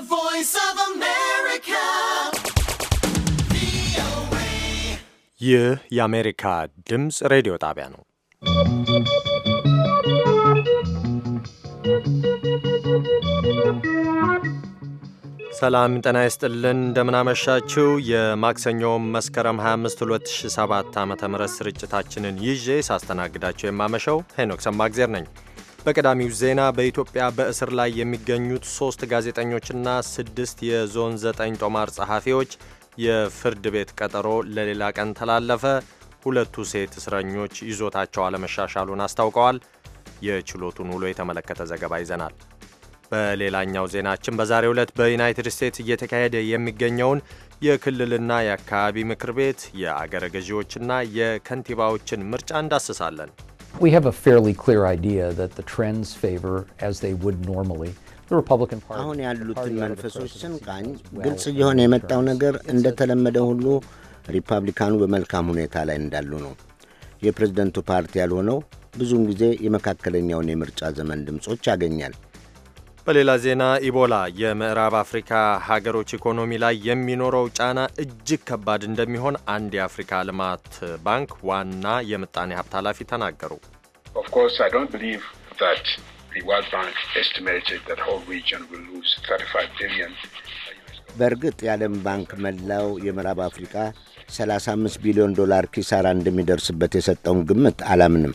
ይህ የአሜሪካ ድምፅ ሬዲዮ ጣቢያ ነው። ሰላም ጤና ይስጥልን። እንደምናመሻችው የማክሰኞ መስከረም 25 2007 ዓ ም ስርጭታችንን ይዤ ሳስተናግዳቸው የማመሸው ሄኖክ ሰማግዜር ነኝ። በቀዳሚው ዜና በኢትዮጵያ በእስር ላይ የሚገኙት ሶስት ጋዜጠኞችና ስድስት የዞን ዘጠኝ ጦማር ጸሐፊዎች የፍርድ ቤት ቀጠሮ ለሌላ ቀን ተላለፈ። ሁለቱ ሴት እስረኞች ይዞታቸው አለመሻሻሉን አስታውቀዋል። የችሎቱን ውሎ የተመለከተ ዘገባ ይዘናል። በሌላኛው ዜናችን በዛሬው ዕለት በዩናይትድ ስቴትስ እየተካሄደ የሚገኘውን የክልልና የአካባቢ ምክር ቤት የአገረ ገዢዎችና የከንቲባዎችን ምርጫ እንዳስሳለን። We have a fairly clear idea that the trends favor, as they would normally, አሁን ያሉትን መንፈሶች ስንቃኝ ግልጽ እየሆነ የመጣው ነገር እንደተለመደ ሁሉ ሪፐብሊካኑ በመልካም ሁኔታ ላይ እንዳሉ ነው። የፕሬዝደንቱ ፓርቲ ያልሆነው ብዙውን ጊዜ የመካከለኛውን የምርጫ ዘመን ድምፆች ያገኛል። በሌላ ዜና ኢቦላ የምዕራብ አፍሪካ ሀገሮች ኢኮኖሚ ላይ የሚኖረው ጫና እጅግ ከባድ እንደሚሆን አንድ የአፍሪካ ልማት ባንክ ዋና የምጣኔ ሀብት ኃላፊ ተናገሩ። በእርግጥ የዓለም ባንክ መላው የምዕራብ አፍሪካ 35 ቢሊዮን ዶላር ኪሳራ እንደሚደርስበት የሰጠውን ግምት አላምንም።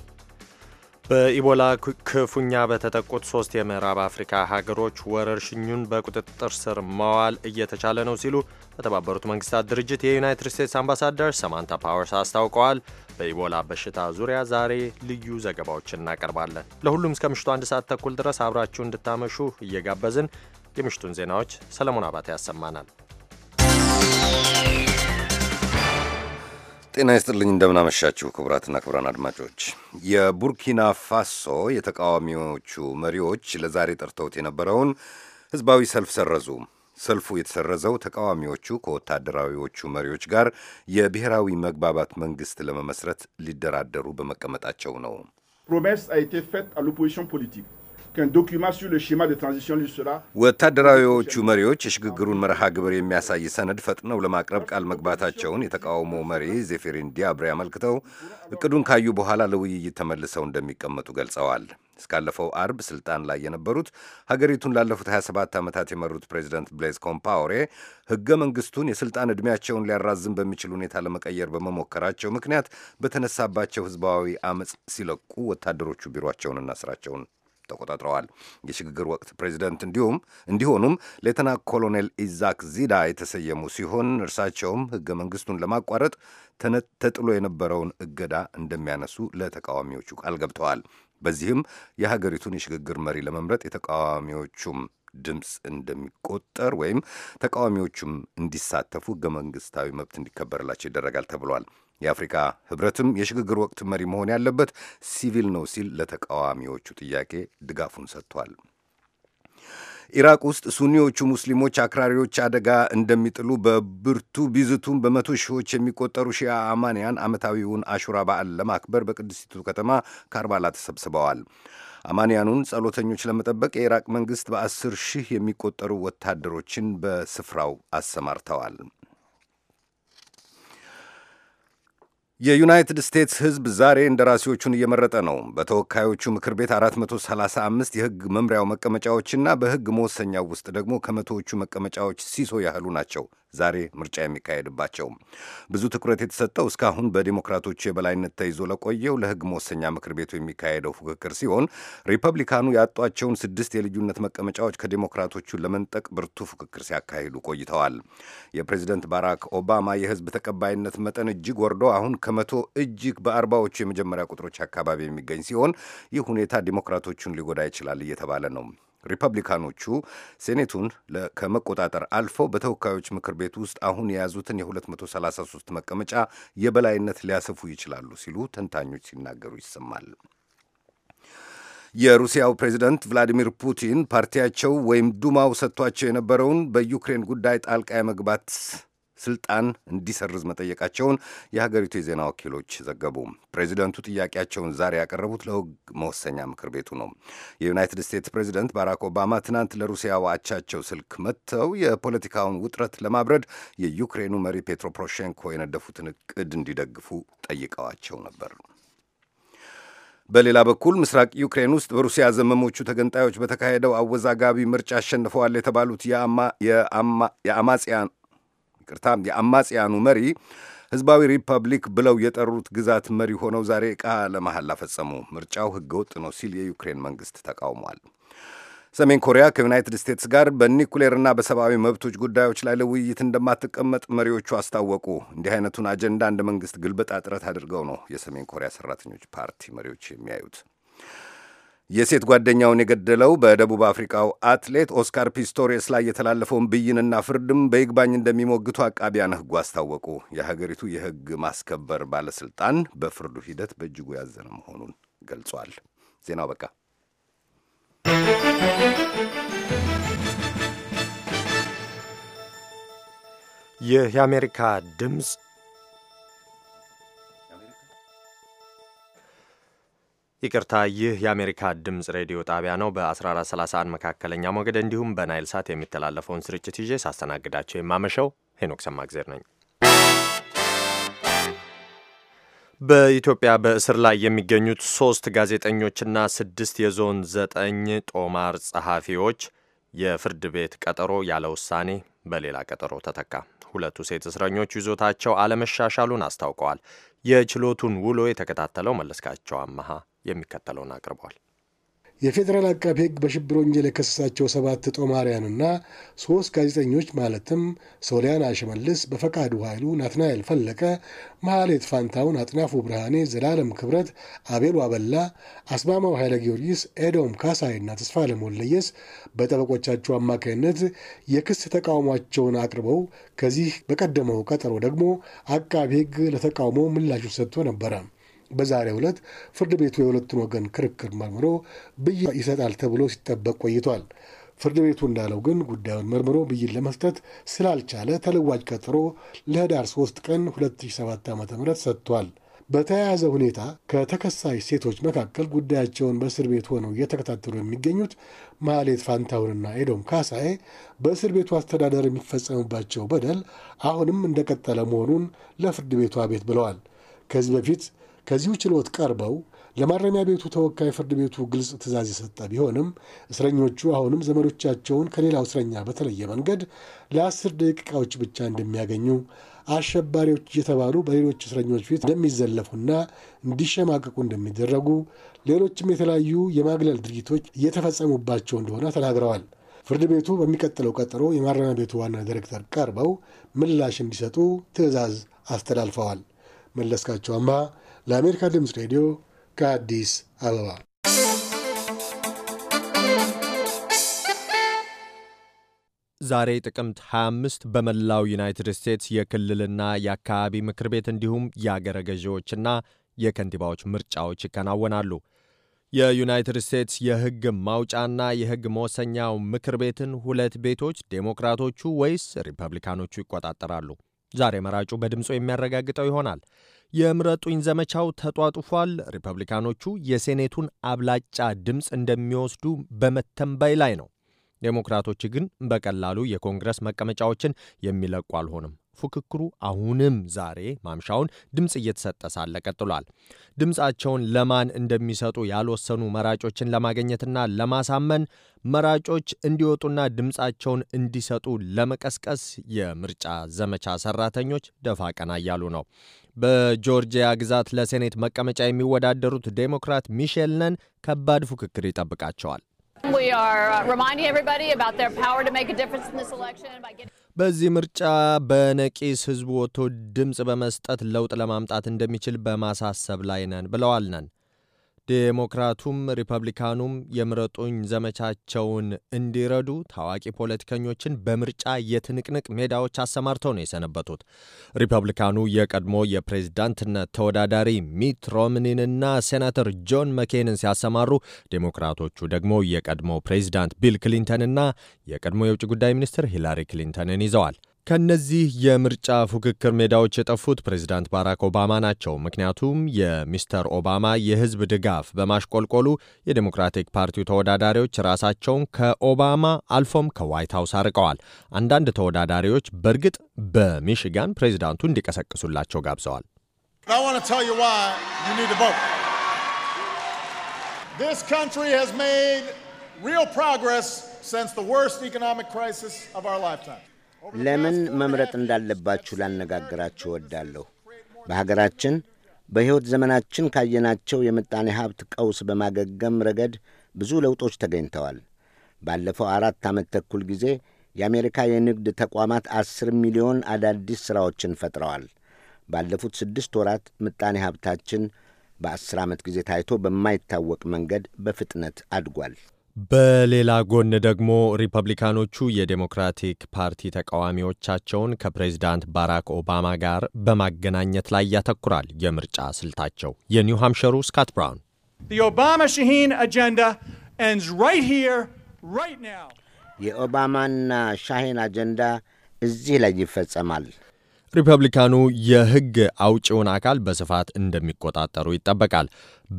በኢቦላ ክፉኛ በተጠቁት ሶስት የምዕራብ አፍሪካ ሀገሮች ወረርሽኙን በቁጥጥር ስር መዋል እየተቻለ ነው ሲሉ በተባበሩት መንግስታት ድርጅት የዩናይትድ ስቴትስ አምባሳደር ሰማንታ ፓወርስ አስታውቀዋል። በኢቦላ በሽታ ዙሪያ ዛሬ ልዩ ዘገባዎችን እናቀርባለን። ለሁሉም እስከ ምሽቱ አንድ ሰዓት ተኩል ድረስ አብራችሁ እንድታመሹ እየጋበዝን የምሽቱን ዜናዎች ሰለሞን አባተ ያሰማናል። ጤና ይስጥልኝ እንደምናመሻችሁ ክቡራትና ክቡራን አድማጮች። የቡርኪና ፋሶ የተቃዋሚዎቹ መሪዎች ለዛሬ ጠርተውት የነበረውን ህዝባዊ ሰልፍ ሰረዙ። ሰልፉ የተሰረዘው ተቃዋሚዎቹ ከወታደራዊዎቹ መሪዎች ጋር የብሔራዊ መግባባት መንግስት ለመመስረት ሊደራደሩ በመቀመጣቸው ነው። ፕሮሜስ አ été faite ወታደራዊዎቹ መሪዎች የሽግግሩን መርሃ ግብር የሚያሳይ ሰነድ ፈጥነው ለማቅረብ ቃል መግባታቸውን የተቃውሞ መሪ ዜፌሪን ዲያብሬ አመልክተው እቅዱን ካዩ በኋላ ለውይይት ተመልሰው እንደሚቀመጡ ገልጸዋል። እስካለፈው አርብ ስልጣን ላይ የነበሩት ሀገሪቱን ላለፉት 27 ዓመታት የመሩት ፕሬዚደንት ብሌዝ ኮምፓውሬ ህገ መንግስቱን የስልጣን ዕድሜያቸውን ሊያራዝም በሚችል ሁኔታ ለመቀየር በመሞከራቸው ምክንያት በተነሳባቸው ህዝባዊ አመፅ ሲለቁ ወታደሮቹ ቢሮአቸውንና ስራቸውን ተቆጣጥረዋል። የሽግግር ወቅት ፕሬዚደንት እንዲሁም እንዲሆኑም ሌተና ኮሎኔል ኢዛክ ዚዳ የተሰየሙ ሲሆን እርሳቸውም ህገ መንግስቱን ለማቋረጥ ተጥሎ የነበረውን እገዳ እንደሚያነሱ ለተቃዋሚዎቹ ቃል ገብተዋል። በዚህም የሀገሪቱን የሽግግር መሪ ለመምረጥ የተቃዋሚዎቹም ድምፅ እንደሚቆጠር ወይም ተቃዋሚዎቹም እንዲሳተፉ ህገ መንግስታዊ መብት እንዲከበርላቸው ይደረጋል ተብሏል። የአፍሪካ ህብረትም የሽግግር ወቅት መሪ መሆን ያለበት ሲቪል ነው ሲል ለተቃዋሚዎቹ ጥያቄ ድጋፉን ሰጥቷል። ኢራቅ ውስጥ ሱኒዎቹ ሙስሊሞች አክራሪዎች አደጋ እንደሚጥሉ በብርቱ ቢዝቱም በመቶ ሺዎች የሚቆጠሩ ሺያ አማንያን ዓመታዊውን አሹራ በዓል ለማክበር በቅድስቲቱ ከተማ ካርባላ ተሰብስበዋል። አማንያኑን ጸሎተኞች ለመጠበቅ የኢራቅ መንግሥት በአስር ሺህ የሚቆጠሩ ወታደሮችን በስፍራው አሰማርተዋል። የዩናይትድ ስቴትስ ሕዝብ ዛሬ እንደራሴዎቹን እየመረጠ ነው። በተወካዮቹ ምክር ቤት 435 የሕግ መምሪያው መቀመጫዎችና በሕግ መወሰኛው ውስጥ ደግሞ ከመቶዎቹ መቀመጫዎች ሲሶ ያህሉ ናቸው ዛሬ ምርጫ የሚካሄድባቸው። ብዙ ትኩረት የተሰጠው እስካሁን በዲሞክራቶቹ የበላይነት ተይዞ ለቆየው ለሕግ መወሰኛ ምክር ቤቱ የሚካሄደው ፉክክር ሲሆን ሪፐብሊካኑ ያጧቸውን ስድስት የልዩነት መቀመጫዎች ከዲሞክራቶቹ ለመንጠቅ ብርቱ ፉክክር ሲያካሂዱ ቆይተዋል። የፕሬዚደንት ባራክ ኦባማ የሕዝብ ተቀባይነት መጠን እጅግ ወርዶ አሁን ከመቶ እጅግ በአርባዎቹ የመጀመሪያ ቁጥሮች አካባቢ የሚገኝ ሲሆን ይህ ሁኔታ ዲሞክራቶቹን ሊጎዳ ይችላል እየተባለ ነው። ሪፐብሊካኖቹ ሴኔቱን ከመቆጣጠር አልፈው በተወካዮች ምክር ቤት ውስጥ አሁን የያዙትን የ233 መቀመጫ የበላይነት ሊያሰፉ ይችላሉ ሲሉ ተንታኞች ሲናገሩ ይሰማል። የሩሲያው ፕሬዚደንት ቭላዲሚር ፑቲን ፓርቲያቸው ወይም ዱማው ሰጥቷቸው የነበረውን በዩክሬን ጉዳይ ጣልቃ የመግባት ስልጣን እንዲሰርዝ መጠየቃቸውን የሀገሪቱ የዜና ወኪሎች ዘገቡ። ፕሬዚደንቱ ጥያቄያቸውን ዛሬ ያቀረቡት ለሕግ መወሰኛ ምክር ቤቱ ነው። የዩናይትድ ስቴትስ ፕሬዚደንት ባራክ ኦባማ ትናንት ለሩሲያ አቻቸው ስልክ መጥተው የፖለቲካውን ውጥረት ለማብረድ የዩክሬኑ መሪ ፔትሮ ፖሮሼንኮ የነደፉትን እቅድ እንዲደግፉ ጠይቀዋቸው ነበር። በሌላ በኩል ምስራቅ ዩክሬን ውስጥ በሩሲያ ዘመሞቹ ተገንጣዮች በተካሄደው አወዛጋቢ ምርጫ አሸንፈዋል የተባሉት የአማጽያን ይቅርታ የአማጽያኑ መሪ ህዝባዊ ሪፐብሊክ ብለው የጠሩት ግዛት መሪ ሆነው ዛሬ ቃለ መሐላ ፈጸሙ። ምርጫው ህገወጥ ነው ሲል የዩክሬን መንግስት ተቃውሟል። ሰሜን ኮሪያ ከዩናይትድ ስቴትስ ጋር በኒኩሌርና በሰብአዊ መብቶች ጉዳዮች ላይ ለውይይት እንደማትቀመጥ መሪዎቹ አስታወቁ። እንዲህ አይነቱን አጀንዳ እንደ መንግስት ግልበጣ ጥረት አድርገው ነው የሰሜን ኮሪያ ሰራተኞች ፓርቲ መሪዎች የሚያዩት። የሴት ጓደኛውን የገደለው በደቡብ አፍሪካው አትሌት ኦስካር ፒስቶሬስ ላይ የተላለፈውን ብይንና ፍርድም በይግባኝ እንደሚሞግቱ አቃቢያን ሕጉ አስታወቁ። የሀገሪቱ የሕግ ማስከበር ባለስልጣን በፍርዱ ሂደት በእጅጉ ያዘነ መሆኑን ገልጿል። ዜናው በቃ። ይህ የአሜሪካ ድምፅ ይቅርታ፣ ይህ የአሜሪካ ድምፅ ሬዲዮ ጣቢያ ነው። በ1431 መካከለኛ ሞገድ እንዲሁም በናይል ሳት የሚተላለፈውን ስርጭት ይዤ ሳስተናግዳቸው የማመሸው ሄኖክ ሰማግዜር ነኝ። በኢትዮጵያ በእስር ላይ የሚገኙት ሶስት ጋዜጠኞችና ስድስት የዞን ዘጠኝ ጦማር ጸሐፊዎች የፍርድ ቤት ቀጠሮ ያለ ውሳኔ በሌላ ቀጠሮ ተተካ። ሁለቱ ሴት እስረኞች ይዞታቸው አለመሻሻሉን አስታውቀዋል። የችሎቱን ውሎ የተከታተለው መለስካቸው አመሃ የሚከተለውን አቅርበዋል። የፌዴራል አቃቢ ሕግ በሽብር ወንጀል የከሰሳቸው ሰባት ጦማሪያንና ሶስት ጋዜጠኞች ማለትም ሶሊያና ሽመልስ፣ በፈቃዱ ኃይሉ፣ ናትናኤል ፈለቀ፣ መሐሌት ፋንታውን፣ አጥናፉ ብርሃኔ፣ ዘላለም ክብረት፣ አቤሉ አበላ፣ አስማማው ኃይለ ጊዮርጊስ፣ ኤዶም ካሳይና ተስፋ ለሞለየስ በጠበቆቻቸው አማካኝነት የክስ ተቃውሟቸውን አቅርበው ከዚህ በቀደመው ቀጠሮ ደግሞ አቃቢ ሕግ ለተቃውሞ ምላሹ ሰጥቶ ነበረ። በዛሬው ዕለት ፍርድ ቤቱ የሁለቱን ወገን ክርክር መርምሮ ብይን ይሰጣል ተብሎ ሲጠበቅ ቆይቷል። ፍርድ ቤቱ እንዳለው ግን ጉዳዩን መርምሮ ብይን ለመስጠት ስላልቻለ ተለዋጭ ቀጠሮ ለህዳር 3 ቀን 2007 ዓ ም ሰጥቷል። በተያያዘ ሁኔታ ከተከሳሽ ሴቶች መካከል ጉዳያቸውን በእስር ቤት ሆነው እየተከታተሉ የሚገኙት ማህሌት ፋንታሁንና ኤዶም ካሳዬ በእስር ቤቱ አስተዳደር የሚፈጸምባቸው በደል አሁንም እንደቀጠለ መሆኑን ለፍርድ ቤቱ አቤት ብለዋል። ከዚህ በፊት ከዚሁ ችሎት ቀርበው ለማረሚያ ቤቱ ተወካይ ፍርድ ቤቱ ግልጽ ትዕዛዝ የሰጠ ቢሆንም እስረኞቹ አሁንም ዘመዶቻቸውን ከሌላው እስረኛ በተለየ መንገድ ለአስር ደቂቃዎች ብቻ እንደሚያገኙ አሸባሪዎች እየተባሉ በሌሎች እስረኞች ፊት እንደሚዘለፉና እንዲሸማቀቁ እንደሚደረጉ ሌሎችም የተለያዩ የማግለል ድርጊቶች እየተፈጸሙባቸው እንደሆነ ተናግረዋል። ፍርድ ቤቱ በሚቀጥለው ቀጠሮ የማረሚያ ቤቱ ዋና ዲሬክተር ቀርበው ምላሽ እንዲሰጡ ትዕዛዝ አስተላልፈዋል። መለስካቸው አምሃ ለአሜሪካ ድምፅ ሬዲዮ ከአዲስ አበባ ዛሬ ጥቅምት 25 በመላው ዩናይትድ ስቴትስ የክልልና የአካባቢ ምክር ቤት እንዲሁም የአገረ ገዢዎችና የከንቲባዎች ምርጫዎች ይከናወናሉ። የዩናይትድ ስቴትስ የሕግ ማውጫና የሕግ መወሰኛው ምክር ቤትን ሁለት ቤቶች ዴሞክራቶቹ ወይስ ሪፐብሊካኖቹ ይቆጣጠራሉ። ዛሬ መራጩ በድምፁ የሚያረጋግጠው ይሆናል። የምረጡኝ ዘመቻው ተጧጡፏል። ሪፐብሊካኖቹ የሴኔቱን አብላጫ ድምፅ እንደሚወስዱ በመተንበይ ላይ ነው። ዴሞክራቶች ግን በቀላሉ የኮንግረስ መቀመጫዎችን የሚለቁ አልሆንም። ፉክክሩ አሁንም ዛሬ ማምሻውን ድምፅ እየተሰጠ ሳለ ቀጥሏል። ድምፃቸውን ለማን እንደሚሰጡ ያልወሰኑ መራጮችን ለማግኘትና ለማሳመን መራጮች እንዲወጡና ድምፃቸውን እንዲሰጡ ለመቀስቀስ የምርጫ ዘመቻ ሰራተኞች ደፋ ቀና እያሉ ነው። በጆርጂያ ግዛት ለሴኔት መቀመጫ የሚወዳደሩት ዴሞክራት ሚሼል ነን ከባድ ፉክክር ይጠብቃቸዋል። በዚህ ምርጫ በነቂስ ህዝቡ ወጥቶ ድምፅ በመስጠት ለውጥ ለማምጣት እንደሚችል በማሳሰብ ላይ ነን ብለዋል ነን ዴሞክራቱም ሪፐብሊካኑም የምረጡኝ ዘመቻቸውን እንዲረዱ ታዋቂ ፖለቲከኞችን በምርጫ የትንቅንቅ ሜዳዎች አሰማርተው ነው የሰነበቱት። ሪፐብሊካኑ የቀድሞ የፕሬዝዳንትነት ተወዳዳሪ ሚት ሮምኒንና ሴናተር ጆን መኬንን ሲያሰማሩ፣ ዴሞክራቶቹ ደግሞ የቀድሞ ፕሬዝዳንት ቢል ክሊንተንና የቀድሞ የውጭ ጉዳይ ሚኒስትር ሂላሪ ክሊንተንን ይዘዋል። ከነዚህ የምርጫ ፉክክር ሜዳዎች የጠፉት ፕሬዚዳንት ባራክ ኦባማ ናቸው። ምክንያቱም የሚስተር ኦባማ የህዝብ ድጋፍ በማሽቆልቆሉ የዴሞክራቲክ ፓርቲው ተወዳዳሪዎች ራሳቸውን ከኦባማ አልፎም ከዋይት ሀውስ አርቀዋል። አንዳንድ ተወዳዳሪዎች በእርግጥ በሚሽጋን ፕሬዚዳንቱ እንዲቀሰቅሱላቸው ጋብዘዋል። ሪል ፕሮግረስ since the worst economic ለምን መምረጥ እንዳለባችሁ ላነጋግራችሁ እወዳለሁ። በሀገራችን በሕይወት ዘመናችን ካየናቸው የምጣኔ ሀብት ቀውስ በማገገም ረገድ ብዙ ለውጦች ተገኝተዋል። ባለፈው አራት ዓመት ተኩል ጊዜ የአሜሪካ የንግድ ተቋማት አስር ሚሊዮን አዳዲስ ሥራዎችን ፈጥረዋል። ባለፉት ስድስት ወራት ምጣኔ ሀብታችን በአስር ዓመት ጊዜ ታይቶ በማይታወቅ መንገድ በፍጥነት አድጓል። በሌላ ጎን ደግሞ ሪፐብሊካኖቹ የዴሞክራቲክ ፓርቲ ተቃዋሚዎቻቸውን ከፕሬዚዳንት ባራክ ኦባማ ጋር በማገናኘት ላይ ያተኩራል የምርጫ ስልታቸው። የኒው ሃምፕሸሩ ስካት ብራውን የኦባማና ሻሂን አጀንዳ እዚህ ላይ ይፈጸማል። ሪፐብሊካኑ የሕግ አውጪውን አካል በስፋት እንደሚቆጣጠሩ ይጠበቃል።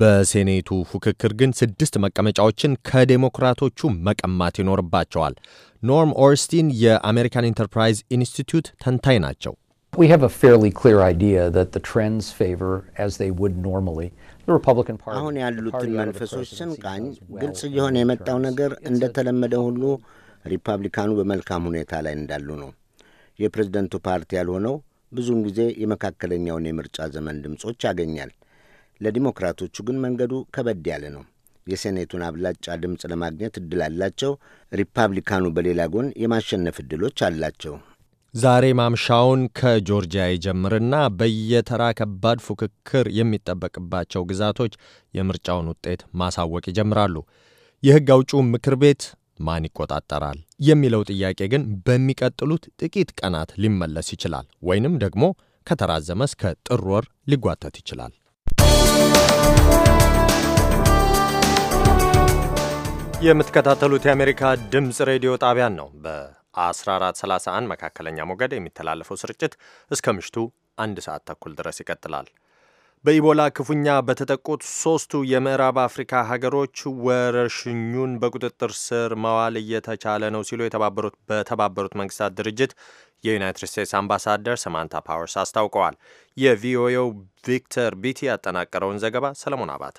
በሴኔቱ ፉክክር ግን ስድስት መቀመጫዎችን ከዴሞክራቶቹ መቀማት ይኖርባቸዋል። ኖርም ኦርስቲን የአሜሪካን ኢንተርፕራይዝ ኢንስቲትዩት ተንታኝ ናቸው። አሁን ያሉትን መንፈሶች ስንቃኝ ግልጽ እየሆነ የመጣው ነገር እንደተለመደ ሁሉ ሪፐብሊካኑ በመልካም ሁኔታ ላይ እንዳሉ ነው። የፕሬዝደንቱ ፓርቲ ያልሆነው ብዙውን ጊዜ የመካከለኛውን የምርጫ ዘመን ድምጾች ያገኛል። ለዲሞክራቶቹ ግን መንገዱ ከበድ ያለ ነው። የሴኔቱን አብላጫ ድምፅ ለማግኘት እድል አላቸው። ሪፐብሊካኑ በሌላ ጎን የማሸነፍ እድሎች አላቸው። ዛሬ ማምሻውን ከጆርጂያ ይጀምርና በየተራ ከባድ ፉክክር የሚጠበቅባቸው ግዛቶች የምርጫውን ውጤት ማሳወቅ ይጀምራሉ። የሕግ አውጪው ምክር ቤት ማን ይቆጣጠራል የሚለው ጥያቄ ግን በሚቀጥሉት ጥቂት ቀናት ሊመለስ ይችላል ወይንም ደግሞ ከተራዘመ እስከ ጥር ወር ሊጓተት ይችላል። የምትከታተሉት የአሜሪካ ድምፅ ሬዲዮ ጣቢያን ነው። በ1431 መካከለኛ ሞገድ የሚተላለፈው ስርጭት እስከ ምሽቱ አንድ ሰዓት ተኩል ድረስ ይቀጥላል። በኢቦላ ክፉኛ በተጠቁት ሶስቱ የምዕራብ አፍሪካ ሀገሮች ወረርሽኙን በቁጥጥር ስር ማዋል እየተቻለ ነው ሲሉ የተባበሩት በተባበሩት መንግስታት ድርጅት የዩናይትድ ስቴትስ አምባሳደር ሰማንታ ፓወርስ አስታውቀዋል። የቪኦኤው ቪክተር ቢቲ ያጠናቀረውን ዘገባ ሰለሞን አባተ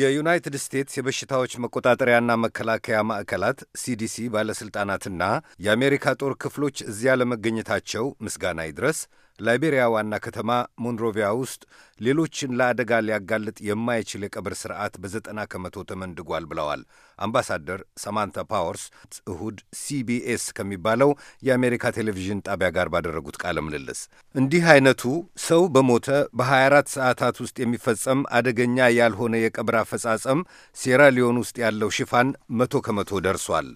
የዩናይትድ ስቴትስ የበሽታዎች መቆጣጠሪያና መከላከያ ማዕከላት ሲዲሲ ባለሥልጣናትና የአሜሪካ ጦር ክፍሎች እዚያ ለመገኘታቸው ምስጋና ይድረስ ላይቤሪያ ዋና ከተማ ሞንሮቪያ ውስጥ ሌሎችን ለአደጋ ሊያጋልጥ የማይችል የቀብር ስርዓት በዘጠና ከመቶ ተመንድጓል ብለዋል አምባሳደር ሳማንታ ፓወርስ እሁድ ሲቢኤስ ከሚባለው የአሜሪካ ቴሌቪዥን ጣቢያ ጋር ባደረጉት ቃለ ምልልስ። እንዲህ አይነቱ ሰው በሞተ በ24 ሰዓታት ውስጥ የሚፈጸም አደገኛ ያልሆነ የቀብር አፈጻጸም ሴራ ሊዮን ውስጥ ያለው ሽፋን መቶ ከመቶ ደርሷል።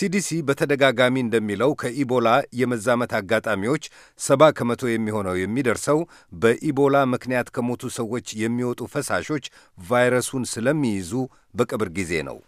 ሲዲሲ በተደጋጋሚ እንደሚለው ከኢቦላ የመዛመት አጋጣሚዎች ሰባ ከመቶ የሚሆነው የሚደርሰው በኢቦላ ምክንያት ከሞቱ ሰዎች የሚወጡ ፈሳሾች ቫይረሱን ስለሚይዙ በቅብር ጊዜ ነው።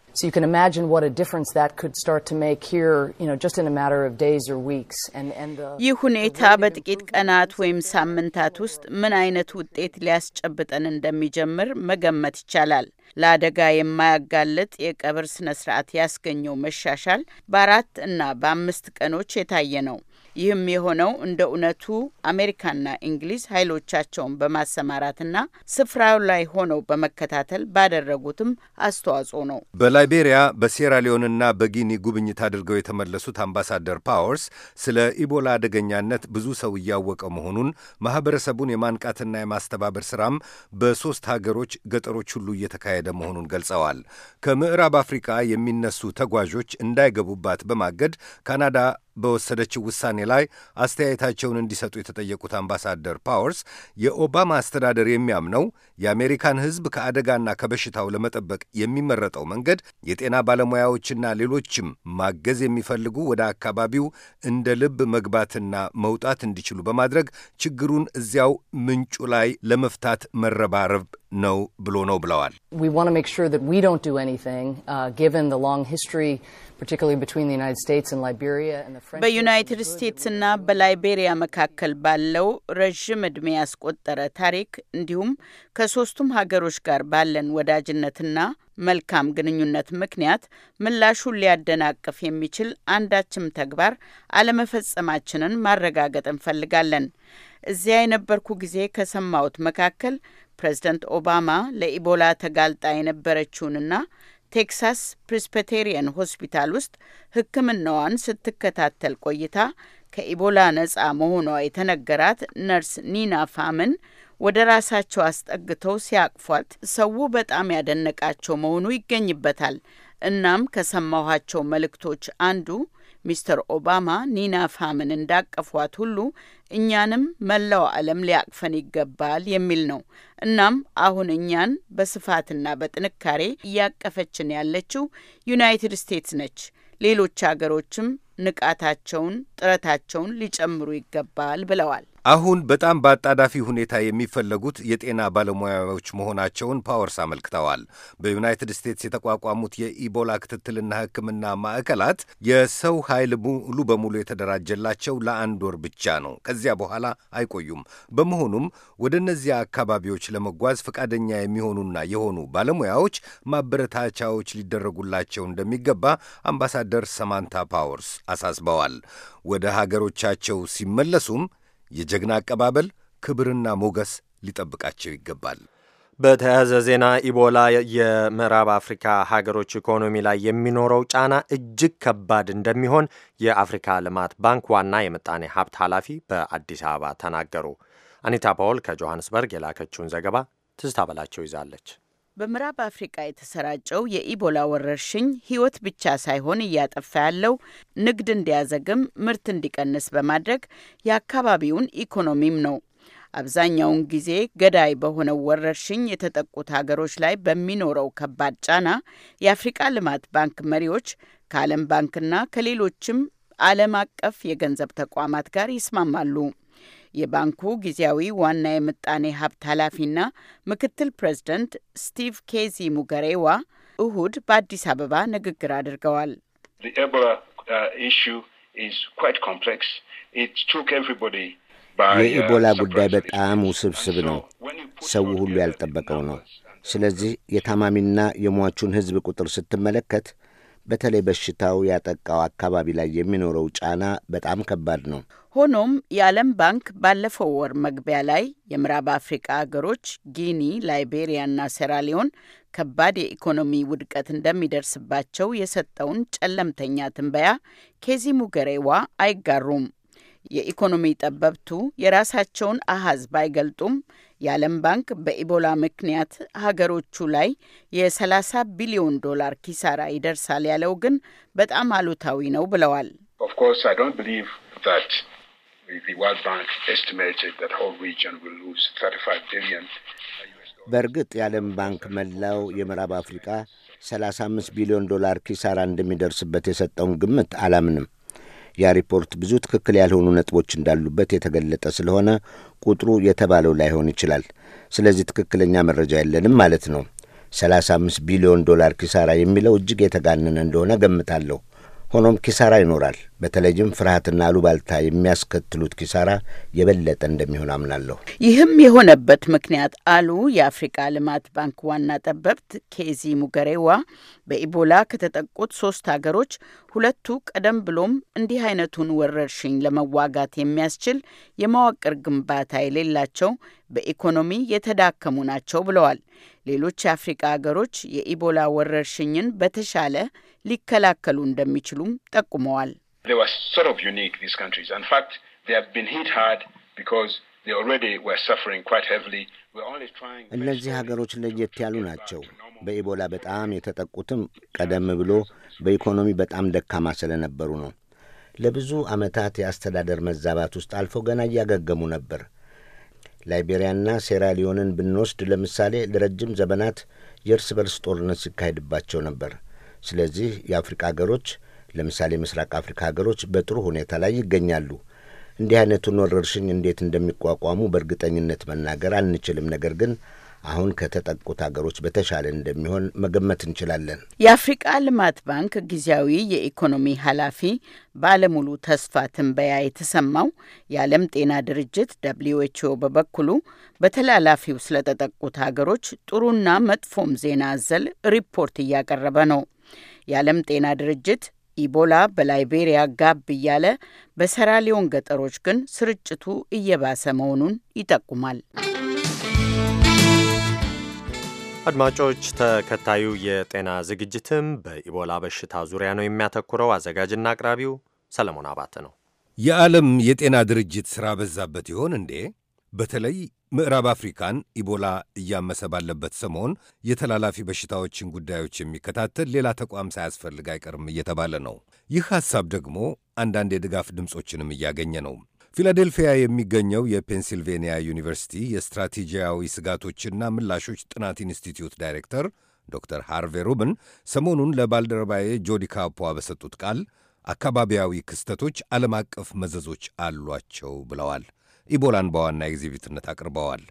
ይህ ሁኔታ በጥቂት ቀናት ወይም ሳምንታት ውስጥ ምን አይነት ውጤት ሊያስጨብጠን እንደሚጀምር መገመት ይቻላል። ለአደጋ የማያጋልጥ የቀብር ስነ ስርዓት ያስገኘው መሻሻል በአራት እና በአምስት ቀኖች የታየ ነው። ይህም የሆነው እንደ እውነቱ አሜሪካና እንግሊዝ ኃይሎቻቸውን በማሰማራትና ስፍራው ላይ ሆነው በመከታተል ባደረጉትም አስተዋጽኦ ነው። በላይቤሪያ በሴራሊዮንና በጊኒ ጉብኝት አድርገው የተመለሱት አምባሳደር ፓወርስ ስለ ኢቦላ አደገኛነት ብዙ ሰው እያወቀ መሆኑን ማህበረሰቡን የማንቃትና የማስተባበር ስራም በሶስት ሀገሮች ገጠሮች ሁሉ እየተካሄደ መሆኑን ገልጸዋል። ከምዕራብ አፍሪካ የሚነሱ ተጓዦች እንዳይገቡባት በማገድ ካናዳ በወሰደችው ውሳኔ ላይ አስተያየታቸውን እንዲሰጡ የተጠየቁት አምባሳደር ፓወርስ የኦባማ አስተዳደር የሚያምነው የአሜሪካን ሕዝብ ከአደጋና ከበሽታው ለመጠበቅ የሚመረጠው መንገድ የጤና ባለሙያዎችና ሌሎችም ማገዝ የሚፈልጉ ወደ አካባቢው እንደ ልብ መግባትና መውጣት እንዲችሉ በማድረግ ችግሩን እዚያው ምንጩ ላይ ለመፍታት መረባረብ ነው ብሎ ነው ብለዋል። uh, በዩናይትድ ስቴትስና በላይቤሪያ መካከል ባለው ረዥም ዕድሜ ያስቆጠረ ታሪክ እንዲሁም ከሶስቱም ሀገሮች ጋር ባለን ወዳጅነትና መልካም ግንኙነት ምክንያት ምላሹን ሊያደናቅፍ የሚችል አንዳችም ተግባር አለመፈጸማችንን ማረጋገጥ እንፈልጋለን። እዚያ የነበርኩ ጊዜ ከሰማሁት መካከል ፕሬዝደንት ኦባማ ለኢቦላ ተጋልጣ የነበረችውንና ቴክሳስ ፕሬስቢቴሪየን ሆስፒታል ውስጥ ሕክምናዋን ስትከታተል ቆይታ ከኢቦላ ነጻ መሆኗ የተነገራት ነርስ ኒና ፋምን ወደ ራሳቸው አስጠግተው ሲያቅፏት ሰው በጣም ያደነቃቸው መሆኑ ይገኝበታል። እናም ከሰማኋቸው መልእክቶች አንዱ ሚስተር ኦባማ ኒና ፋምን እንዳቀፏት ሁሉ እኛንም መላው ዓለም ሊያቅፈን ይገባል የሚል ነው። እናም አሁን እኛን በስፋትና በጥንካሬ እያቀፈችን ያለችው ዩናይትድ ስቴትስ ነች። ሌሎች አገሮችም ንቃታቸውን፣ ጥረታቸውን ሊጨምሩ ይገባል ብለዋል። አሁን በጣም በአጣዳፊ ሁኔታ የሚፈለጉት የጤና ባለሙያዎች መሆናቸውን ፓወርስ አመልክተዋል። በዩናይትድ ስቴትስ የተቋቋሙት የኢቦላ ክትትልና ሕክምና ማዕከላት የሰው ኃይል ሙሉ በሙሉ የተደራጀላቸው ለአንድ ወር ብቻ ነው። ከዚያ በኋላ አይቆዩም። በመሆኑም ወደ እነዚያ አካባቢዎች ለመጓዝ ፈቃደኛ የሚሆኑና የሆኑ ባለሙያዎች ማበረታቻዎች ሊደረጉላቸው እንደሚገባ አምባሳደር ሰማንታ ፓወርስ አሳስበዋል። ወደ ሀገሮቻቸው ሲመለሱም የጀግና አቀባበል ክብርና ሞገስ ሊጠብቃቸው ይገባል። በተያያዘ ዜና ኢቦላ የምዕራብ አፍሪካ ሀገሮች ኢኮኖሚ ላይ የሚኖረው ጫና እጅግ ከባድ እንደሚሆን የአፍሪካ ልማት ባንክ ዋና የምጣኔ ሀብት ኃላፊ በአዲስ አበባ ተናገሩ። አኒታ ፓውል ከጆሃንስበርግ የላከችውን ዘገባ ትዝታ በላቸው ይዛለች። በምዕራብ አፍሪቃ የተሰራጨው የኢቦላ ወረርሽኝ ህይወት ብቻ ሳይሆን እያጠፋ ያለው ንግድ እንዲያዘግም፣ ምርት እንዲቀንስ በማድረግ የአካባቢውን ኢኮኖሚም ነው። አብዛኛውን ጊዜ ገዳይ በሆነው ወረርሽኝ የተጠቁት ሀገሮች ላይ በሚኖረው ከባድ ጫና የአፍሪቃ ልማት ባንክ መሪዎች ከዓለም ባንክና ከሌሎችም ዓለም አቀፍ የገንዘብ ተቋማት ጋር ይስማማሉ። የባንኩ ጊዜያዊ ዋና የምጣኔ ሀብት ኃላፊና ምክትል ፕሬዝደንት ስቲቭ ኬዚ ሙገሬዋ እሁድ በአዲስ አበባ ንግግር አድርገዋል። uh, uh, የኢቦላ ጉዳይ በጣም ውስብስብ ነው። ሰው ሁሉ ያልጠበቀው ነው። ስለዚህ የታማሚና የሟቹን ሕዝብ ቁጥር ስትመለከት በተለይ በሽታው ያጠቃው አካባቢ ላይ የሚኖረው ጫና በጣም ከባድ ነው። ሆኖም የዓለም ባንክ ባለፈው ወር መግቢያ ላይ የምዕራብ አፍሪቃ ሀገሮች ጊኒ፣ ላይቤሪያና ሴራሊዮን ከባድ የኢኮኖሚ ውድቀት እንደሚደርስባቸው የሰጠውን ጨለምተኛ ትንበያ ኬዚ ሙገሬዋ አይጋሩም። የኢኮኖሚ ጠበብቱ የራሳቸውን አሃዝ ባይገልጡም የዓለም ባንክ በኢቦላ ምክንያት ሀገሮቹ ላይ የ30 ቢሊዮን ዶላር ኪሳራ ይደርሳል ያለው ግን በጣም አሉታዊ ነው ብለዋል። በእርግጥ የዓለም ባንክ መላው የምዕራብ አፍሪቃ 35 ቢሊዮን ዶላር ኪሳራ እንደሚደርስበት የሰጠውን ግምት አላምንም። ያ ሪፖርት ብዙ ትክክል ያልሆኑ ነጥቦች እንዳሉበት የተገለጠ ስለሆነ ቁጥሩ የተባለው ላይሆን ይችላል። ስለዚህ ትክክለኛ መረጃ የለንም ማለት ነው። 35 ቢሊዮን ዶላር ኪሳራ የሚለው እጅግ የተጋነነ እንደሆነ ገምታለሁ። ሆኖም ኪሳራ ይኖራል። በተለይም ፍርሃትና አሉባልታ የሚያስከትሉት ኪሳራ የበለጠ እንደሚሆን አምናለሁ። ይህም የሆነበት ምክንያት አሉ የአፍሪቃ ልማት ባንክ ዋና ጠበብት ኬዚ ሙገሬዋ በኢቦላ ከተጠቁት ሶስት ሀገሮች ሁለቱ ቀደም ብሎም እንዲህ አይነቱን ወረርሽኝ ለመዋጋት የሚያስችል የመዋቅር ግንባታ የሌላቸው በኢኮኖሚ የተዳከሙ ናቸው ብለዋል። ሌሎች የአፍሪቃ ሀገሮች የኢቦላ ወረርሽኝን በተሻለ ሊከላከሉ እንደሚችሉም ጠቁመዋል። they were sort of unique, these countries. In fact, they have been hit hard because they already were suffering quite heavily. We're only trying... እነዚህ ሀገሮች ለየት ያሉ ናቸው። በኢቦላ በጣም የተጠቁትም ቀደም ብሎ በኢኮኖሚ በጣም ደካማ ስለነበሩ ነው። ለብዙ ዓመታት የአስተዳደር መዛባት ውስጥ አልፈው ገና እያገገሙ ነበር። ላይቤሪያና ሴራሊዮንን ብንወስድ ለምሳሌ ለረጅም ዘመናት የእርስ በርስ ጦርነት ሲካሄድባቸው ነበር። ስለዚህ የአፍሪቃ አገሮች ለምሳሌ ምስራቅ አፍሪካ ሀገሮች በጥሩ ሁኔታ ላይ ይገኛሉ። እንዲህ አይነቱን ወረርሽኝ እንዴት እንደሚቋቋሙ በእርግጠኝነት መናገር አንችልም። ነገር ግን አሁን ከተጠቁት ሀገሮች በተሻለ እንደሚሆን መገመት እንችላለን። የአፍሪቃ ልማት ባንክ ጊዜያዊ የኢኮኖሚ ኃላፊ ባለሙሉ ተስፋ ትንበያ የተሰማው የዓለም ጤና ድርጅት ደብልዩ ኤች ኦ በበኩሉ በተላላፊው ስለተጠቁት ሀገሮች ጥሩና መጥፎም ዜና አዘል ሪፖርት እያቀረበ ነው። የዓለም ጤና ድርጅት ኢቦላ በላይቤሪያ ጋብ እያለ በሰራሊዮን ገጠሮች ግን ስርጭቱ እየባሰ መሆኑን ይጠቁማል። አድማጮች፣ ተከታዩ የጤና ዝግጅትም በኢቦላ በሽታ ዙሪያ ነው የሚያተኩረው። አዘጋጅና አቅራቢው ሰለሞን አባተ ነው። የዓለም የጤና ድርጅት ሥራ በዛበት ይሆን እንዴ? በተለይ ምዕራብ አፍሪካን ኢቦላ እያመሰ ባለበት ሰሞን የተላላፊ በሽታዎችን ጉዳዮች የሚከታተል ሌላ ተቋም ሳያስፈልግ አይቀርም እየተባለ ነው። ይህ ሐሳብ ደግሞ አንዳንድ የድጋፍ ድምፆችንም እያገኘ ነው። ፊላዴልፊያ የሚገኘው የፔንሲልቬንያ ዩኒቨርሲቲ የስትራቴጂያዊ ስጋቶችና ምላሾች ጥናት ኢንስቲትዩት ዳይሬክተር ዶክተር ሃርቬ ሩብን ሰሞኑን ለባልደረባዬ ጆዲ ካፖ በሰጡት ቃል አካባቢያዊ ክስተቶች ዓለም አቀፍ መዘዞች አሏቸው ብለዋል። ኢቦላን በዋና ኤግዚቢትነት አቅርበዋል።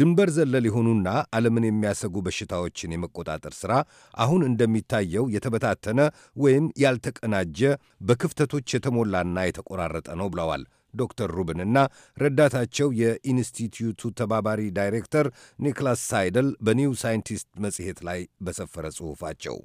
ድንበር ዘለል የሆኑና ዓለምን የሚያሰጉ በሽታዎችን የመቆጣጠር ሥራ አሁን እንደሚታየው የተበታተነ ወይም ያልተቀናጀ በክፍተቶች የተሞላና የተቆራረጠ ነው ብለዋል ዶክተር ሩብንና ረዳታቸው የኢንስቲትዩቱ ተባባሪ ዳይሬክተር ኒክላስ ሳይደል በኒው ሳይንቲስት መጽሔት ላይ በሰፈረ ጽሑፋቸው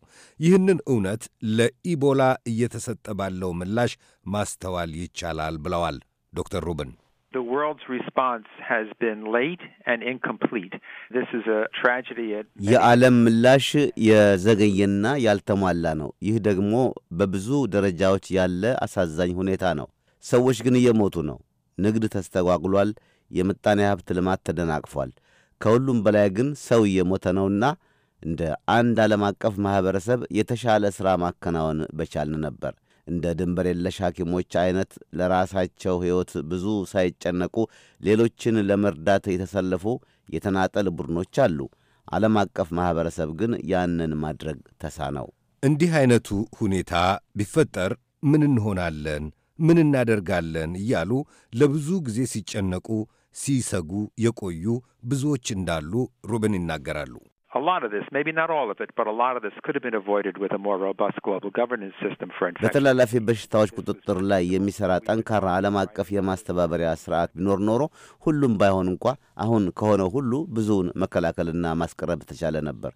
ይህንን እውነት ለኢቦላ እየተሰጠ ባለው ምላሽ ማስተዋል ይቻላል ብለዋል ዶክተር ሩብን። The world's response has been late and incomplete. This is a tragedy. የዓለም ምላሽ የዘገየና ያልተሟላ ነው። ይህ ደግሞ በብዙ ደረጃዎች ያለ አሳዛኝ ሁኔታ ነው። ሰዎች ግን እየሞቱ ነው። ንግድ ተስተጓጉሏል። የምጣኔ ሀብት ልማት ተደናቅፏል። ከሁሉም በላይ ግን ሰው እየሞተ ነውና እንደ አንድ ዓለም አቀፍ ማኅበረሰብ የተሻለ ሥራ ማከናወን በቻልን ነበር። እንደ ድንበር የለሽ ሐኪሞች አይነት ለራሳቸው ሕይወት ብዙ ሳይጨነቁ ሌሎችን ለመርዳት የተሰለፉ የተናጠል ቡድኖች አሉ። ዓለም አቀፍ ማኅበረሰብ ግን ያንን ማድረግ ተሳነው። እንዲህ አይነቱ ሁኔታ ቢፈጠር ምን እንሆናለን፣ ምን እናደርጋለን እያሉ ለብዙ ጊዜ ሲጨነቁ ሲሰጉ የቆዩ ብዙዎች እንዳሉ ሩብን ይናገራሉ። a lot of this, maybe not all of it, but a lot of this could have been avoided with a more robust global governance system for infection. በተላላፊ በሽታዎች ቁጥጥር ላይ የሚሰራ ጠንካራ ዓለም አቀፍ የማስተባበሪያ ስርዓት ቢኖር ኖሮ ሁሉም ባይሆን እንኳ አሁን ከሆነው ሁሉ ብዙውን መከላከልና ማስቀረብ ተቻለ ነበር።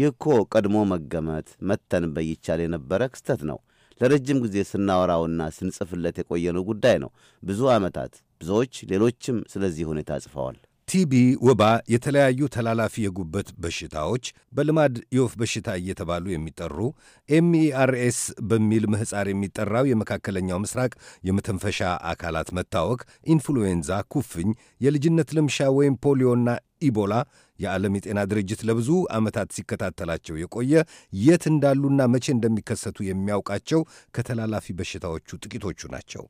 ይህ እኮ ቀድሞ መገመት መተንበይ ይቻል የነበረ ክስተት ነው። ለረጅም ጊዜ ስናወራውና ስንጽፍለት የቆየነው ጉዳይ ነው። ብዙ ዓመታት ብዙዎች ሌሎችም ስለዚህ ሁኔታ ጽፈዋል። ቲቢ ወባ፣ የተለያዩ ተላላፊ የጉበት በሽታዎች በልማድ የወፍ በሽታ እየተባሉ የሚጠሩ ኤምኢአርኤስ በሚል ምህፃር የሚጠራው የመካከለኛው ምስራቅ የመተንፈሻ አካላት መታወክ፣ ኢንፍሉዌንዛ፣ ኩፍኝ፣ የልጅነት ልምሻ ወይም ፖሊዮና ኢቦላ የዓለም የጤና ድርጅት ለብዙ ዓመታት ሲከታተላቸው የቆየ የት እንዳሉና መቼ እንደሚከሰቱ የሚያውቃቸው ከተላላፊ በሽታዎቹ ጥቂቶቹ ናቸው።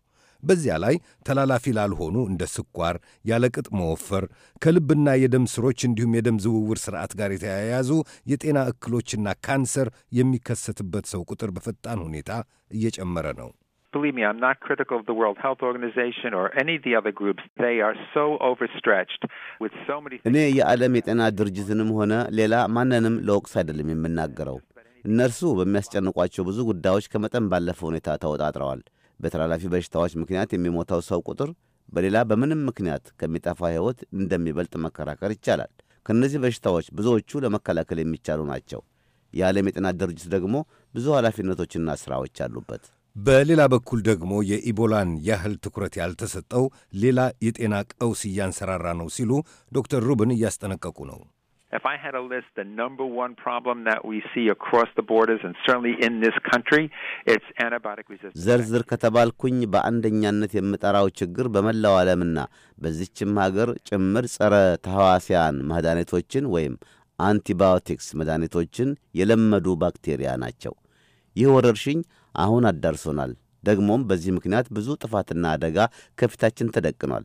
በዚያ ላይ ተላላፊ ላልሆኑ እንደ ስኳር፣ ያለቅጥ መወፈር፣ ከልብና የደም ስሮች እንዲሁም የደም ዝውውር ስርዓት ጋር የተያያዙ የጤና እክሎችና ካንሰር የሚከሰትበት ሰው ቁጥር በፈጣን ሁኔታ እየጨመረ ነው። Believe me, I'm not critical of the World Health Organization or any of the other groups. They are so overstretched with so many things. እኔ የዓለም የጤና ድርጅትንም ሆነ ሌላ ማንንም ለወቅስ አይደለም የምናገረው። እነርሱ በሚያስጨንቋቸው ብዙ ጉዳዮች ከመጠን ባለፈ ሁኔታ ተወጣጥረዋል። በተላላፊ በሽታዎች ምክንያት የሚሞተው ሰው ቁጥር በሌላ በምንም ምክንያት ከሚጠፋ ሕይወት እንደሚበልጥ መከራከር ይቻላል። ከእነዚህ በሽታዎች ብዙዎቹ ለመከላከል የሚቻሉ ናቸው። የዓለም የጤና ድርጅት ደግሞ ብዙ ኃላፊነቶችና ሥራዎች አሉበት። በሌላ በኩል ደግሞ የኢቦላን ያህል ትኩረት ያልተሰጠው ሌላ የጤና ቀውስ እያንሰራራ ነው ሲሉ ዶክተር ሩብን እያስጠነቀቁ ነው። if I had to list the number one problem that we see across the borders and certainly in this country, it's antibiotic resistance. ዝርዝር ከተባልኩኝ በአንደኛነት የምጠራው ችግር በመላው ዓለምና በዚችም ሀገር ጭምር ጸረ ተህዋስያን መድኃኒቶችን ወይም አንቲባዮቲክስ መድኃኒቶችን የለመዱ ባክቴሪያ ናቸው። ይህ ወረርሽኝ አሁን አዳርሶናል። ደግሞም በዚህ ምክንያት ብዙ ጥፋትና አደጋ ከፊታችን ተደቅኗል።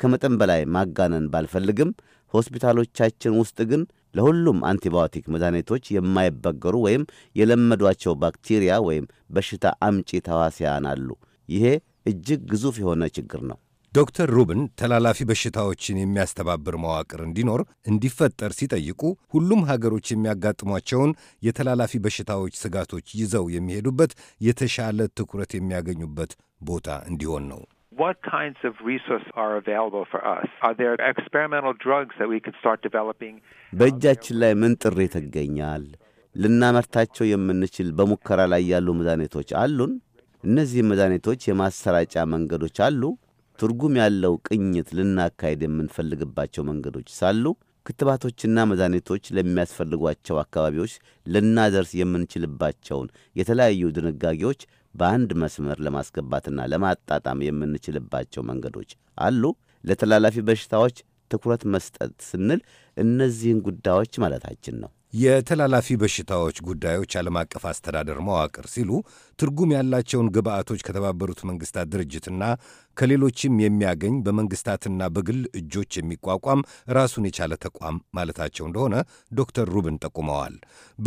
ከመጠን በላይ ማጋነን ባልፈልግም ሆስፒታሎቻችን ውስጥ ግን ለሁሉም አንቲባዮቲክ መድኃኒቶች የማይበገሩ ወይም የለመዷቸው ባክቴሪያ ወይም በሽታ አምጪ ተዋሲያን አሉ። ይሄ እጅግ ግዙፍ የሆነ ችግር ነው። ዶክተር ሩብን ተላላፊ በሽታዎችን የሚያስተባብር መዋቅር እንዲኖር እንዲፈጠር ሲጠይቁ ሁሉም ሀገሮች የሚያጋጥሟቸውን የተላላፊ በሽታዎች ስጋቶች ይዘው የሚሄዱበት የተሻለ ትኩረት የሚያገኙበት ቦታ እንዲሆን ነው። what kinds of resources are available for us? Are there experimental drugs that we can start developing? በእጃችን ላይ ምን ጥሪ ትገኛል? ልናመርታቸው የምንችል በሙከራ ላይ ያሉ መድኃኒቶች አሉን? እነዚህ መድኃኒቶች የማሰራጫ መንገዶች አሉ? ትርጉም ያለው ቅኝት ልናካሄድ የምንፈልግባቸው መንገዶች ሳሉ ክትባቶችና መድኃኒቶች ለሚያስፈልጓቸው አካባቢዎች ልናደርስ የምንችልባቸውን የተለያዩ ድንጋጌዎች በአንድ መስመር ለማስገባትና ለማጣጣም የምንችልባቸው መንገዶች አሉ። ለተላላፊ በሽታዎች ትኩረት መስጠት ስንል እነዚህን ጉዳዮች ማለታችን ነው። የተላላፊ በሽታዎች ጉዳዮች ዓለም አቀፍ አስተዳደር መዋቅር ሲሉ ትርጉም ያላቸውን ግብአቶች ከተባበሩት መንግስታት ድርጅትና ከሌሎችም የሚያገኝ በመንግስታትና በግል እጆች የሚቋቋም ራሱን የቻለ ተቋም ማለታቸው እንደሆነ ዶክተር ሩብን ጠቁመዋል።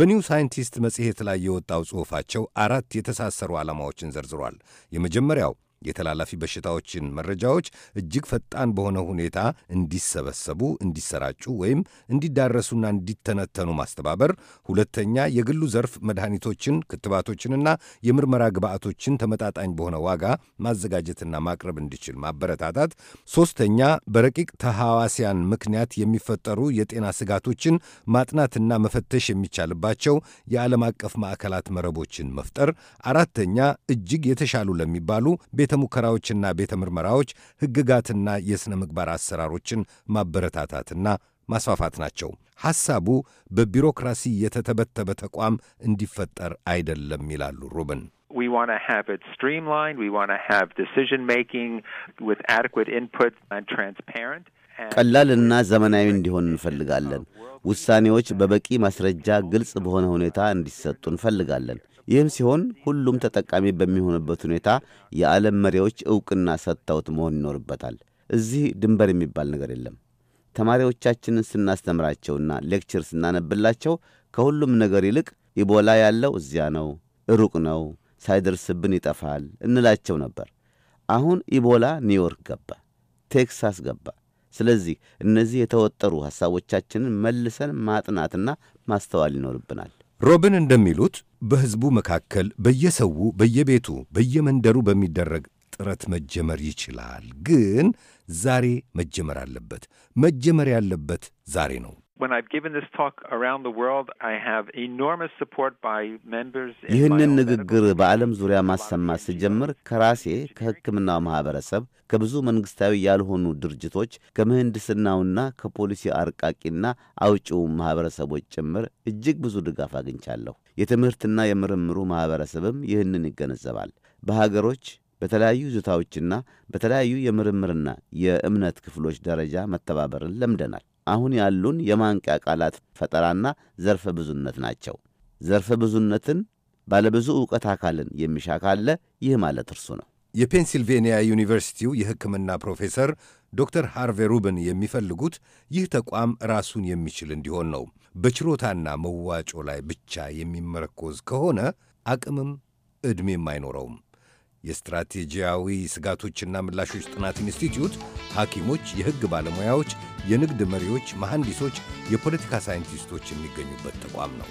በኒው ሳይንቲስት መጽሔት ላይ የወጣው ጽሑፋቸው አራት የተሳሰሩ ዓላማዎችን ዘርዝሯል። የመጀመሪያው የተላላፊ በሽታዎችን መረጃዎች እጅግ ፈጣን በሆነ ሁኔታ እንዲሰበሰቡ፣ እንዲሰራጩ ወይም እንዲዳረሱና እንዲተነተኑ ማስተባበር። ሁለተኛ የግሉ ዘርፍ መድኃኒቶችን፣ ክትባቶችንና የምርመራ ግብዓቶችን ተመጣጣኝ በሆነ ዋጋ ማዘጋጀትና ማቅረብ እንዲችል ማበረታታት። ሦስተኛ በረቂቅ ተሐዋስያን ምክንያት የሚፈጠሩ የጤና ስጋቶችን ማጥናትና መፈተሽ የሚቻልባቸው የዓለም አቀፍ ማዕከላት መረቦችን መፍጠር። አራተኛ እጅግ የተሻሉ ለሚባሉ ቤት ቤተ ሙከራዎችና ቤተ ምርመራዎች ሕግጋትና የሥነ ምግባር አሰራሮችን ማበረታታትና ማስፋፋት ናቸው። ሐሳቡ በቢሮክራሲ የተተበተበ ተቋም እንዲፈጠር አይደለም ይላሉ ሩብን። We want to have it streamlined. We want to have decision making with adequate input and transparent. ቀላልና ዘመናዊ እንዲሆን እንፈልጋለን። ውሳኔዎች በበቂ ማስረጃ ግልጽ በሆነ ሁኔታ እንዲሰጡ እንፈልጋለን። ይህም ሲሆን ሁሉም ተጠቃሚ በሚሆንበት ሁኔታ የዓለም መሪዎች ዕውቅና ሰጥተውት መሆን ይኖርበታል። እዚህ ድንበር የሚባል ነገር የለም። ተማሪዎቻችንን ስናስተምራቸውና ሌክቸር ስናነብላቸው ከሁሉም ነገር ይልቅ ኢቦላ ያለው እዚያ ነው፣ ሩቅ ነው፣ ሳይደርስብን ይጠፋል እንላቸው ነበር። አሁን ኢቦላ ኒውዮርክ ገባ፣ ቴክሳስ ገባ። ስለዚህ እነዚህ የተወጠሩ ሐሳቦቻችንን መልሰን ማጥናትና ማስተዋል ይኖርብናል። ሮብን እንደሚሉት በሕዝቡ መካከል በየሰው በየቤቱ በየመንደሩ በሚደረግ ጥረት መጀመር ይችላል። ግን ዛሬ መጀመር አለበት። መጀመር ያለበት ዛሬ ነው። ይህንን ንግግር በዓለም ዙሪያ ማሰማት ስጀምር ከራሴ ከሕክምናው ማኅበረሰብ፣ ከብዙ መንግሥታዊ ያልሆኑ ድርጅቶች፣ ከምህንድስናውና ከፖሊሲ አርቃቂና አውጪው ማኅበረሰቦች ጭምር እጅግ ብዙ ድጋፍ አግኝቻለሁ። የትምህርትና የምርምሩ ማኅበረሰብም ይህንን ይገነዘባል። በሀገሮች በተለያዩ ይዞታዎችና በተለያዩ የምርምርና የእምነት ክፍሎች ደረጃ መተባበርን ለምደናል። አሁን ያሉን የማንቂያ ቃላት ፈጠራና ዘርፈ ብዙነት ናቸው። ዘርፈ ብዙነትን ባለብዙ ዕውቀት አካልን የሚሻ ካለ ይህ ማለት እርሱ ነው። የፔንሲልቬንያ ዩኒቨርሲቲው የሕክምና ፕሮፌሰር ዶክተር ሃርቬ ሩብን የሚፈልጉት ይህ ተቋም ራሱን የሚችል እንዲሆን ነው። በችሮታና መዋጮ ላይ ብቻ የሚመረኮዝ ከሆነ አቅምም ዕድሜም አይኖረውም። የስትራቴጂያዊ ስጋቶችና ምላሾች ጥናት ኢንስቲትዩት ሐኪሞች፣ የሕግ ባለሙያዎች፣ የንግድ መሪዎች፣ መሐንዲሶች፣ የፖለቲካ ሳይንቲስቶች የሚገኙበት ተቋም ነው።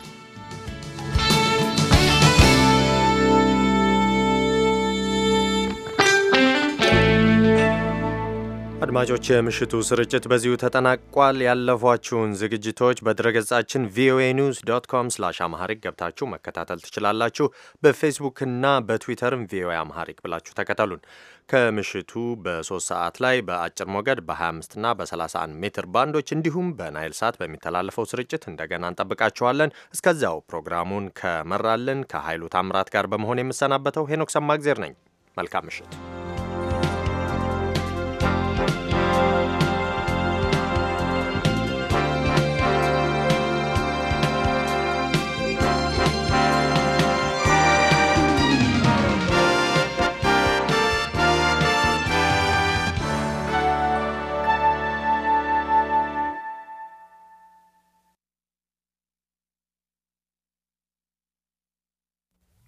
አድማጮች የምሽቱ ስርጭት በዚሁ ተጠናቋል። ያለፏችሁን ዝግጅቶች በድረገጻችን ቪኦኤ ኒውስ ዶት ኮም ስላሽ አምሃሪክ ገብታችሁ መከታተል ትችላላችሁ። በፌስቡክና በትዊተርም ቪኦኤ አምሃሪክ ብላችሁ ተከተሉን። ከምሽቱ በሶስት ሰዓት ላይ በአጭር ሞገድ በ25ና በ31 ሜትር ባንዶች እንዲሁም በናይል ሳት በሚተላለፈው ስርጭት እንደገና እንጠብቃችኋለን። እስከዚያው ፕሮግራሙን ከመራልን ከኃይሉ ታምራት ጋር በመሆን የምሰናበተው ሄኖክ ሰማግዜር ነኝ። መልካም ምሽት።